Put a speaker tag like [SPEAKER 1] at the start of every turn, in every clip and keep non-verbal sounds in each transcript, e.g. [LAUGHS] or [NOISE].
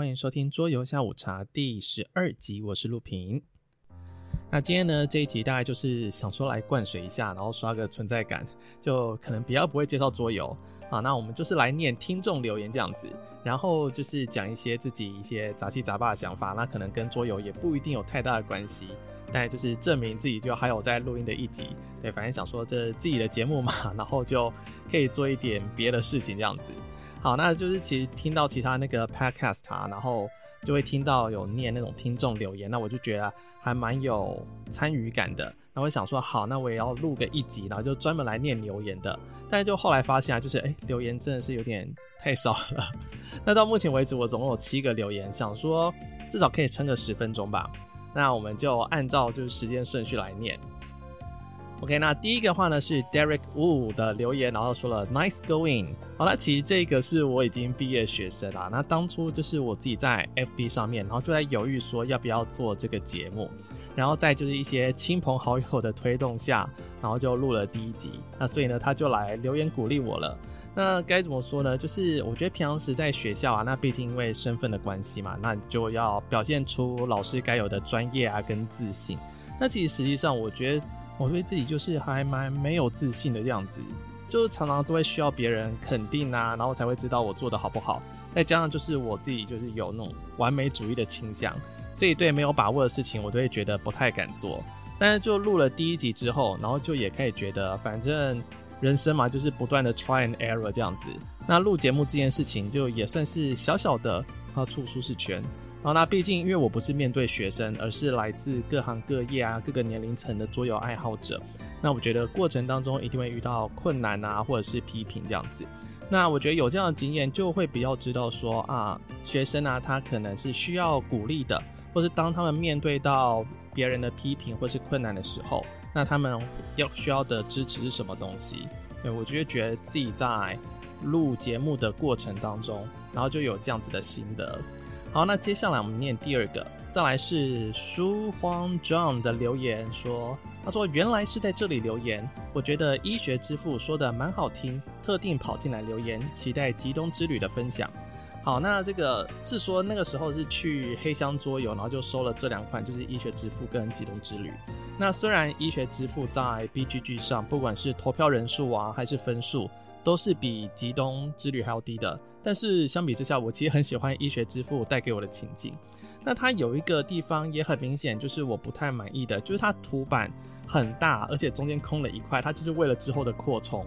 [SPEAKER 1] 歡迎收聽桌遊下午茶第十二集，我是陸平。那今天呢，這一集大概就是想說來灌水一下，然後刷個存在感，就可能比較不會介紹桌遊啊。那我們就是來念聽眾留言這樣子，然後就是講一些自己一些雜七雜八的想法，那可能跟桌遊也不一定有太大的關係，但就是證明自己就還有在錄音的一集。對，反正想說這自己的節目嘛，然後就可以做一點別的事情這樣子。好，那就是其實聽到其他那個 podcast 啊，然後就會聽到有念那種聽眾留言，那我就覺得還蠻有參與感的。然後我想說，好，那我也要錄個一集，然後就專門來念留言的。但是就後來發現啊，就是哎、欸，留言真的是有點太少了。 [LAUGHS] 那到目前為止，我總共有七個留言，想說至少可以撐個十分鐘吧。那我們就按照就是時間順序來念。OK，那第一個話呢是 Derek Wu 的留言，然後說了 Nice going 好。好了，其實這個是我已經畢業學生啊。那當初就是我自己在 FB 上面，然後就在猶豫說要不要做這個節目，然後在就是一些親朋好友的推動下，然後就錄了第一集。那所以呢，他就來留言鼓勵我了。那該怎麼說呢？就是我覺得平常時在學校啊，那畢竟因為身份的關係嘛，那就要表現出老師該有的專業啊跟自信。那其實實際上我覺得。我對自己就是還蠻沒有自信的樣子，就是、常常都會需要別人肯定啊，然後才會知道我做的好不好。再加上就是我自己就是有那種完美主義的傾向，所以對沒有把握的事情我都會覺得不太敢做。但是就錄了第一集之後，然後就也開始覺得反正人生嘛就是不斷的 try and error 這樣子。那錄節目這件事情就也算是小小的啊，出舒適圈。好、哦，那畢竟因為我不是面對學生，而是來自各行各業啊、各個年齡層的桌遊愛好者。那我覺得過程當中一定會遇到困難啊，或者是批評這樣子。那我覺得有這樣的經驗，就會比較知道說啊，學生啊，他可能是需要鼓勵的，或是當他們面對到別人的批評或是困難的時候，那他們要需要的支持是什麼東西？對、嗯、我就會覺得自己在錄節目的過程當中，然後就有這樣子的心得。好，那接下來我們念第二個，再來是書荒 John 的留言說，他說原來是在這裡留言，我覺得醫學之父說得蠻好聽，特地跑進來留言，期待極東之旅的分享。好，那這個是說那個時候是去黑箱桌遊，然後就收了這兩款，就是醫學之父跟極東之旅。那雖然醫學之父在 BGG 上，不管是投票人數啊，還是分數。都是比吉東之旅還要低的，但是相比之下，我其實很喜歡醫學之父帶給我的情景。那它有一個地方也很明顯，就是我不太滿意的，就是它圖板很大，而且中間空了一塊，它就是為了之後的擴充。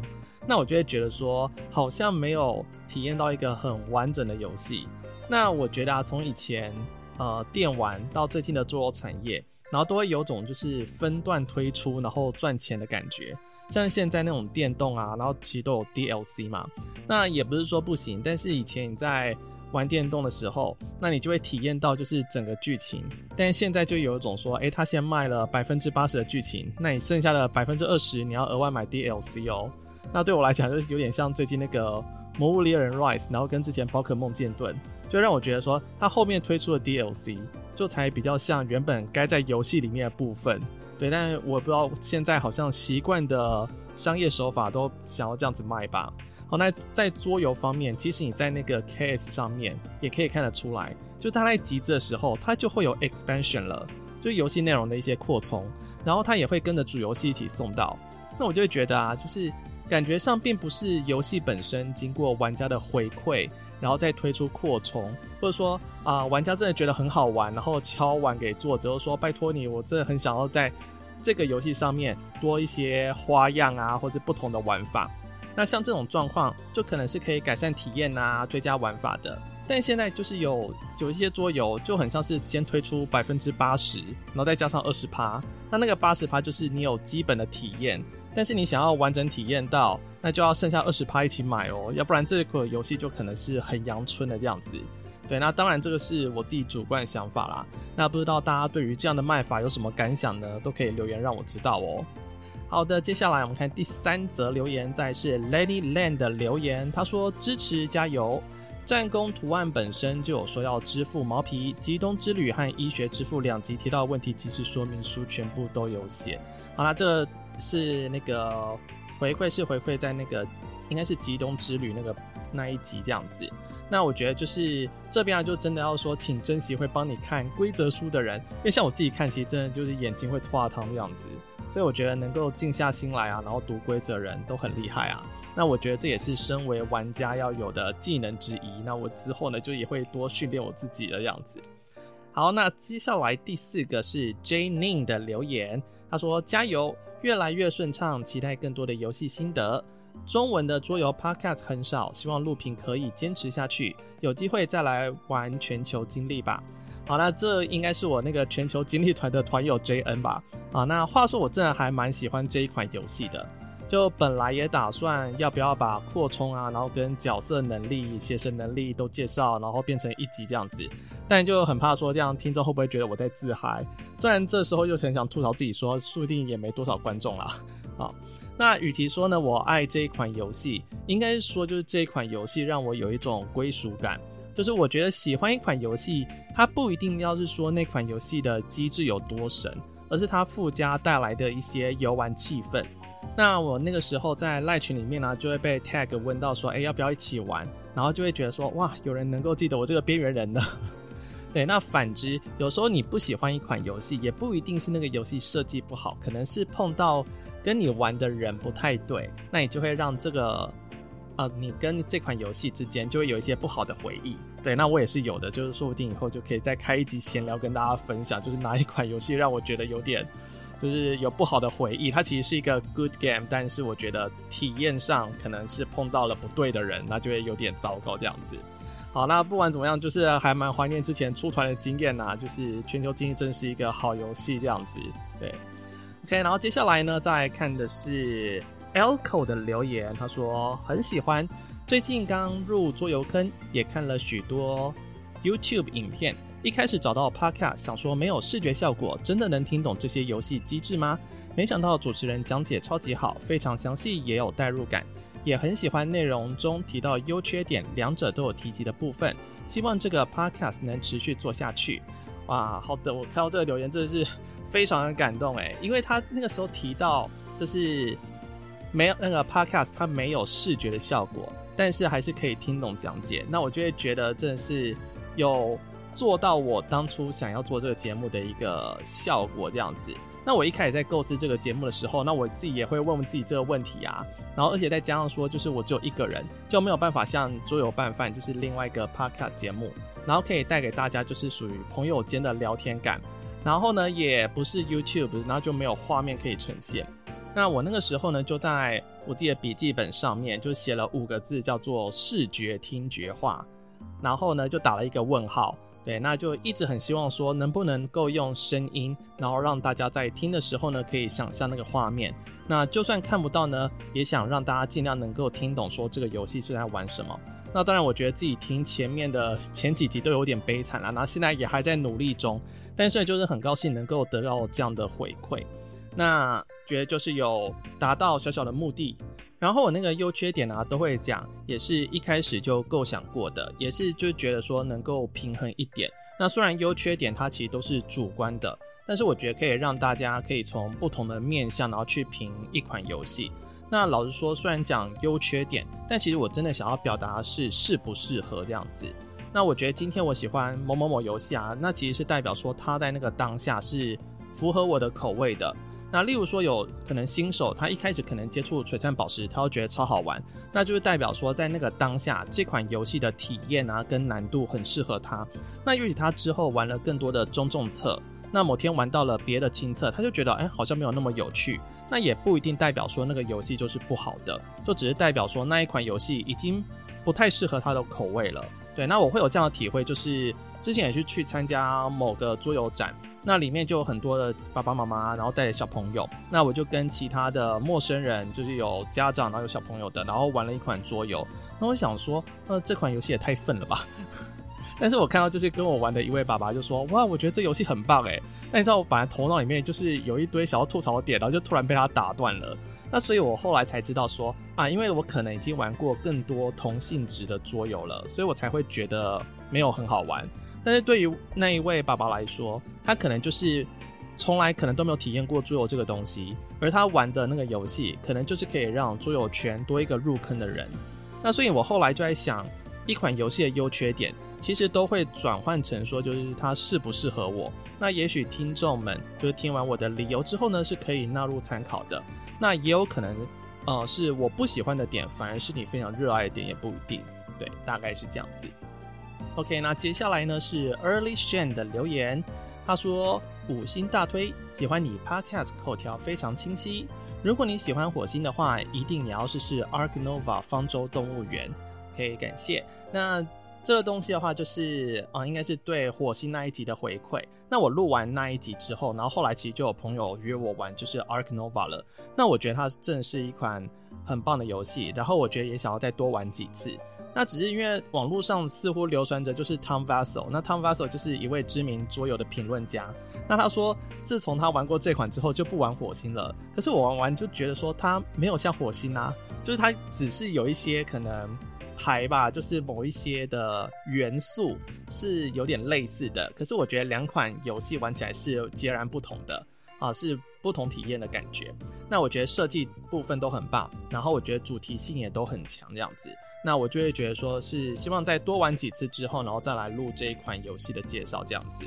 [SPEAKER 1] 那我就會覺得說，好像沒有體驗到一個很完整的遊戲。那我覺得啊，從以前呃電玩到最近的桌遊產業，然後都會有種就是分段推出然後賺錢的感覺。像現在那種電動啊，然後其實都有 DLC 嘛，那也不是說不行，但是以前你在玩電動的時候，那你就會體驗到就是整個劇情，但現在就有一種說，誒、欸、他先賣了百分之八十的劇情，那你剩下的百分之二十你要額外買 DLC 哦。那對我來講就是有點像最近那個《魔物獵人 Rise》，然後跟之前《寶可夢劍盾》，就讓我覺得說，他後面推出的 DLC 就才比較像原本該在遊戲裡面的部分。對，但我不知道現在好像習慣的商業手法都想要這樣子賣吧。好，那在桌遊方面，其實你在那個 KS 上面也可以看得出來，就它在集資的時候，它就會有 expansion 了，就遊戲內容的一些擴充，然後它也會跟着主遊戲一起送到。那我就會覺得啊，就是。感覺上並不是遊戲本身經過玩家的回饋，然後再推出擴充，或者說啊、呃，玩家真的覺得很好玩，然後敲碗給作者說拜托你，我真的很想要在這個遊戲上面多一些花樣啊，或是不同的玩法。那像這種狀況，就可能是可以改善體驗吶、啊，追加玩法的。但現在就是有有一些桌遊就很像是先推出百分之八十，然後再加上二十趴。那那個八十趴就是你有基本的體驗，但是你想要完整體驗到，那就要剩下二十趴一起買哦，要不然這款遊戲就可能是很陽春的這樣子。對，那當然這個是我自己主觀的想法啦。那不知道大家對於這樣的賣法有什麼感想呢？都可以留言讓我知道哦。好的，接下來我們看第三則留言，再是 Ladyland 的留言，他說支持加油。戰功圖案本身就有說要支付毛皮，極東之旅和醫學之父兩集提到的問題，其實說明書全部都有寫。好啦，這個、是那個回饋，是回饋在那個應該是極東之旅那個那一集這樣子。那我覺得就是這邊啊，就真的要說，請珍惜會幫你看規則書的人，因為像我自己看，其實真的就是眼睛會化糖這樣子。所以我覺得能夠靜下心來啊，然後讀規則的人都很厲害啊。那我覺得這也是身為玩家，要有的技能之一。那我之後呢，就也會多訓練我自己的樣子。好，那接下來第四個是 J N 的留言，他說：“加油，越來越順暢，期待更多的遊戲心得。中文的桌遊 Podcast 很少，希望錄屏可以堅持下去，有機會再來玩全球經歷吧。”好，那這應該是我那個全球經歷團的團友 J N 吧？啊，那話說我真的還蠻喜歡這一款遊戲的。就本來也打算要不要把擴充啊，然後跟角色能力、寫神能力都介紹，然後變成一集這樣子。但就很怕說，這樣聽眾會不會覺得我在自嗨？雖然這時候又很想吐槽自己說，說說不定也沒多少觀眾啦。啊。那與其說呢，我愛這一款遊戲，應該是說就是這一款遊戲讓我有一種歸屬感。就是我覺得喜歡一款遊戲，它不一定要是說那款遊戲的機制有多神，而是它附加帶來的一些遊玩氣氛。那我那個時候在賴群裡面呢、啊，就會被 tag 問到說，哎，要不要一起玩？然後就會覺得說，哇，有人能夠記得我這個邊緣人呢。 [LAUGHS] 對，那反之，有時候你不喜歡一款遊戲，也不一定是那個遊戲設計不好，可能是碰到跟你玩的人不太對，那你就會讓這個，呃，你跟這款遊戲之間就會有一些不好的回憶。對，那我也是有的，就是說不定以後就可以再開一集閒聊，跟大家分享，就是哪一款遊戲讓我覺得有點，就是有不好的回憶，它其實是一個 good game，但是我覺得體驗上可能是碰到了不對的人，那就會有點糟糕這樣子。好，那不管怎麼樣，就是還蠻懷念之前出團的經驗吶、啊，就是全球經濟真是一個好遊戲這樣子。對，OK，然後接下來呢，再來看的是 Elco 的留言，他說很喜歡，最近剛入桌遊坑，也看了許多 YouTube 影片。一開始找到 Podcast，想說沒有視覺效果，真的能聽懂這些遊戲機制嗎？沒想到主持人講解超級好，非常詳細，也有代入感，也很喜歡內容中提到優缺點，兩者都有提及的部分。希望這個 Podcast 能持續做下去。哇，好的，我看到這個留言真的是非常的感動誒，因為他那個時候提到就是沒有那個 Podcast，它沒有視覺的效果，但是還是可以聽懂講解。那我就會覺得真的是有。做到我當初想要做這個節目的一個效果這樣子。那我一開始在構思這個節目的時候，那我自己也會問問自己這個問題啊。然後，而且再加上說，就是我只有一個人，就沒有辦法像桌遊拌飯就是另外一個 podcast 節目，然後可以帶給大家就是屬於朋友間的聊天感。然後呢，也不是 YouTube，然後就沒有畫面可以呈現。那我那個時候呢，就在我自己的筆記本上面就寫了五個字，叫做視覺聽覺化。然後呢，就打了一個問號。對，那就一直很希望說，能不能夠用聲音，然後讓大家在聽的時候呢，可以想象那個畫面。那就算看不到呢，也想讓大家盡量能夠聽懂，說這個遊戲是在玩什麼。那當然，我覺得自己聽前面的前幾集都有點悲慘了，那現在也還在努力中，但是就是很高興能夠得到這樣的回饋，那覺得就是有達到小小的目的。然後我那個優缺點啊，都會講，也是一開始就構想過的，也是就覺得說能夠平衡一點。那雖然優缺點它其實都是主觀的，但是我覺得可以讓大家可以從不同的面向，然後去評一款遊戲。那老實說，雖然講優缺點，但其實我真的想要表達是適不適合這樣子。那我覺得今天我喜歡某某某遊戲啊，那其實是代表說它在那個當下是符合我的口味的。那例如說，有可能新手他一開始可能接觸《璀璨寶石》，他會覺得超好玩，那就是代表說，在那個當下，這款遊戲的體驗啊，跟難度很適合他。那也許他之後玩了更多的中重策，那某天玩到了別的輕策，他就覺得，哎，好像沒有那麼有趣。那也不一定代表說那個遊戲就是不好的，就只是代表說那一款遊戲已經不太適合他的口味了。對，那我會有這樣的體會，就是之前也是去參加某個桌遊展。那裡面就有很多的爸爸媽媽，然後帶着小朋友。那我就跟其他的陌生人，就是有家長然後有小朋友的，然後玩了一款桌遊。那我想說，那這款遊戲也太糞了吧？ [LAUGHS] 但是我看到就是跟我玩的一位爸爸就說，哇，我覺得這遊戲很棒哎、欸。那你知道我本來頭腦裡面就是有一堆想要吐槽的點，然後就突然被他打斷了。那所以我後來才知道說，啊，因為我可能已經玩過更多同性質的桌遊了，所以我才會覺得沒有很好玩。但是對於那一位爸爸來說，他可能就是從來可能都沒有體驗過桌遊這個東西，而他玩的那個遊戲，可能就是可以讓桌遊圈多一個入坑的人。那所以我後來就在想，一款遊戲的優缺點，其實都會轉換成說，就是它適不適合我。那也許聽眾們就是聽完我的理由之後呢，是可以納入參考的。那也有可能，呃，是我不喜歡的點，反而是你非常熱愛的點，也不一定。對，大概是這樣子。OK，那接下來呢是 Early Shen 的留言，他說五星大推，喜歡你 Podcast 口條非常清晰。如果你喜歡火星的話，一定也要試試 Ark Nova 方舟動物園。OK，感謝。那這個東西的話，就是啊、哦，應該是對火星那一集的回饋。那我錄完那一集之後，然後後來其實就有朋友約我玩就是 Ark Nova 了。那我覺得它真的是一款很棒的遊戲，然後我覺得也想要再多玩幾次。那只是因為網絡上似乎流傳着，就是 Tom Vasel。那 Tom Vasel 就是一位知名桌遊的評論家。那他說，自從他玩過這款之後，就不玩火星了。可是我玩完就覺得說，他沒有像火星啊，就是他只是有一些可能牌吧，就是某一些的元素是有點類似的。可是我覺得兩款遊戲玩起來是截然不同的啊，是不同體驗的感覺。那我覺得設計部分都很棒，然後我覺得主題性也都很強，這樣子。那我就會覺得說，是希望再多玩幾次之後，然後再來錄這一款遊戲的介紹這樣子。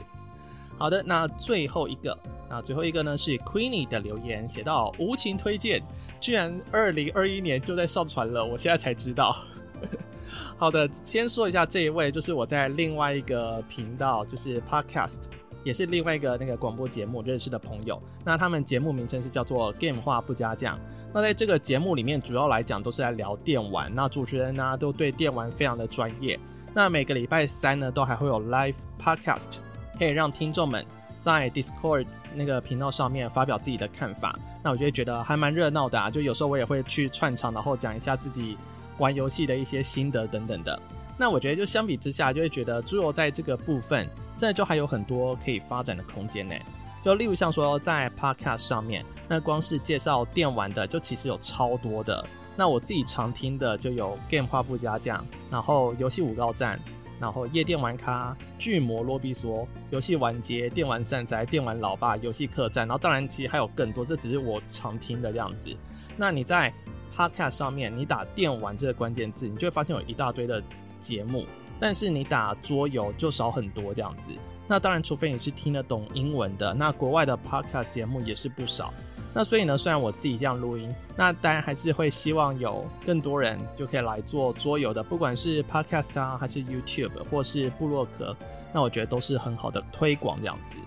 [SPEAKER 1] 好的，那最後一個，那最後一個呢是 Queenie 的留言，寫到無情推薦，居然二零二一年就在上傳了，我現在才知道。 [LAUGHS] 好的，先說一下這一位，就是我在另外一個頻道，就是 Podcast，也是另外一個那個廣播節目認識的朋友。那他們節目名稱是叫做《Game 話不加醬》。那在這個節目裡面，主要來講都是來聊電玩，那主持人呢、啊、都對電玩非常的專業。那每個禮拜三呢，都還會有 live podcast，可以讓聽眾們在 Discord 那個頻道上面發表自己的看法。那我就會覺得還蠻熱鬧的、啊，就有時候我也會去串場，然後講一下自己玩遊戲的一些心得等等的。那我覺得就相比之下，就會覺得桌遊在這個部分，現在就還有很多可以發展的空間呢、欸。就例如像說，在 Podcast 上面，那光是介紹電玩的，就其實有超多的。那我自己常聽的就有 Game 話不加醬，然後遊戲五告站，然後夜電玩咖，巨魔羅比說，遊戲完結，電玩善哉，電玩老爸，遊戲客棧。然後當然其實還有更多，這只是我常聽的這樣子。那你在 Podcast 上面，你打電玩這個關鍵字，你就會發現有一大堆的節目。但是你打桌遊就少很多這樣子。那當然，除非你是聽得懂英文的，那國外的 podcast 節目也是不少。那所以呢，雖然我自己這樣錄音，那當然還是會希望有更多人就可以來做桌遊的，不管是 podcast 啊，還是 YouTube 或是部落格，那我覺得都是很好的推廣這樣子。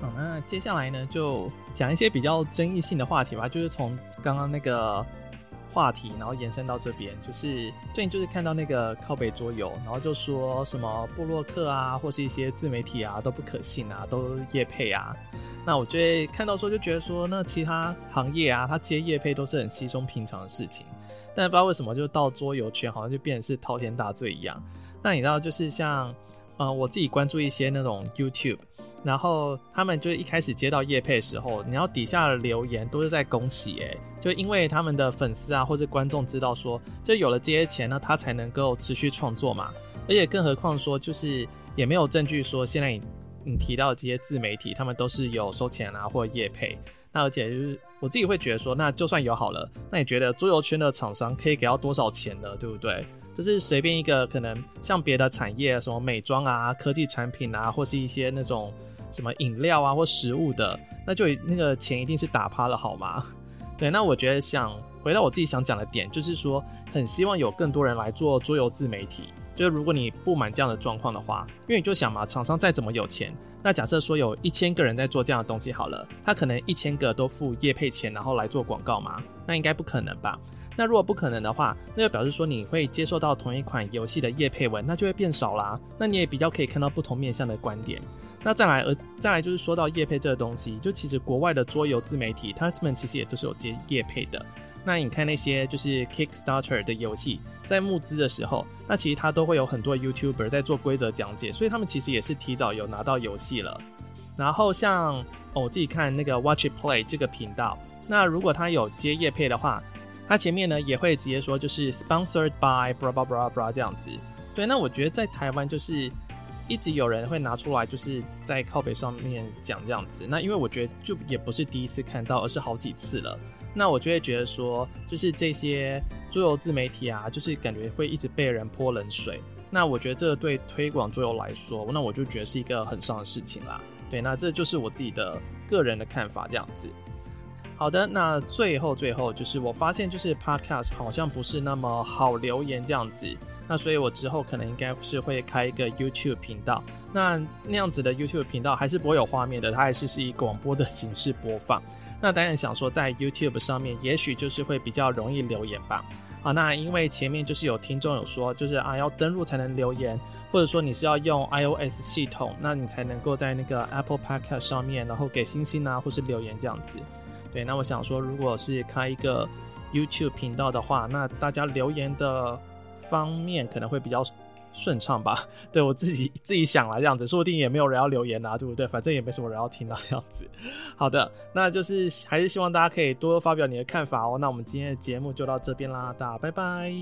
[SPEAKER 1] 好、嗯，那接下來呢，就講一些比較爭議性的話題吧，就是從剛剛那個。話題，然後延伸到這邊，就是最近就是看到那個靠北桌遊，然後就說什麼部落客啊，或是一些自媒體啊，都不可信啊，都業配啊。那我最看到時候，就覺得說，那其他行業啊，他接業配都是很稀鬆平常的事情，但不知道為什麼就到桌遊圈好像就變成是滔天大罪一樣。那你知道就是像。呃，我自己關注一些那種 YouTube，然後他們就是一開始接到業配的時候，然後底下的留言都是在恭喜哎、欸，就因為他們的粉絲啊或是觀眾知道說，就有了這些錢呢，那他才能夠持續創作嘛。而且更何況說，就是也沒有證據說現在你，你提到的這些自媒體，他們都是有收錢啊或業配。那而且就是我自己會覺得說，那就算有好了，那你覺得桌遊圈的廠商可以給到多少錢呢？對不對？就是隨便一個可能，像別的產業，什麼美妝啊、科技產品啊，或是一些那種什麼飲料啊或食物的，那就那個錢一定是打趴了，好嗎？對，那我覺得想回到我自己想講的點，就是說很希望有更多人來做桌遊自媒體。就是如果你不滿這樣的狀況的話，因為你就想嘛，廠商再怎麼有錢，那假設說有一千個人在做這樣的東西好了，他可能一千個都付業配錢然後來做廣告嘛，那應該不可能吧？那如果不可能的話，那就表示說你會接受到同一款遊戲的業配文，那就會變少啦。那你也比較可以看到不同面向的觀點。那再來，而再來就是說到業配這個東西，就其實國外的桌遊自媒體，他們其實也都是有接業配的。那你看那些就是 Kickstarter 的遊戲，在募資的時候，那其實它都會有很多 YouTuber 在做規則講解，所以他們其實也是提早有拿到遊戲了。然後像、哦、我自己看那個 Watch It Play 這個頻道，那如果他有接業配的話。他、啊、前面呢也會直接說，就是 sponsored by brabrabrabra 這樣子。對，那我覺得在台灣就是一直有人會拿出來，就是在靠北上面講這樣子。那因為我覺得就也不是第一次看到，而是好幾次了。那我就會覺得說，就是這些桌遊自媒體啊，就是感覺會一直被人潑冷水。那我覺得這對推廣桌遊來說，那我就覺得是一個很傷的事情啦。對，那這就是我自己的個人的看法這樣子。好的，那最後最後就是我發現，就是 Podcast 好像不是那麼好留言這樣子，那所以我之後可能應該是會開一個 YouTube 頻道，那那樣子的 YouTube 頻道還是不會有畫面的，它還是是以廣播的形式播放。那當然想說在 YouTube 上面，也許就是會比較容易留言吧。好，那因為前面就是有聽眾有說，就是啊要登錄才能留言，或者說你是要用 iOS 系統，那你才能夠在那個 Apple Podcast 上面，然後給星星啊或是留言這樣子。對，那我想說，如果是開一個 YouTube 頻道的話，那大家留言的方面可能會比較順暢吧？對，我自己自己想啦，這樣子，說不定也沒有人要留言啦，對不對？反正也沒什麼人要聽啦，這樣子。好的，那就是還是希望大家可以多發表你的看法哦。那我們今天的節目就到這邊啦，大家拜拜。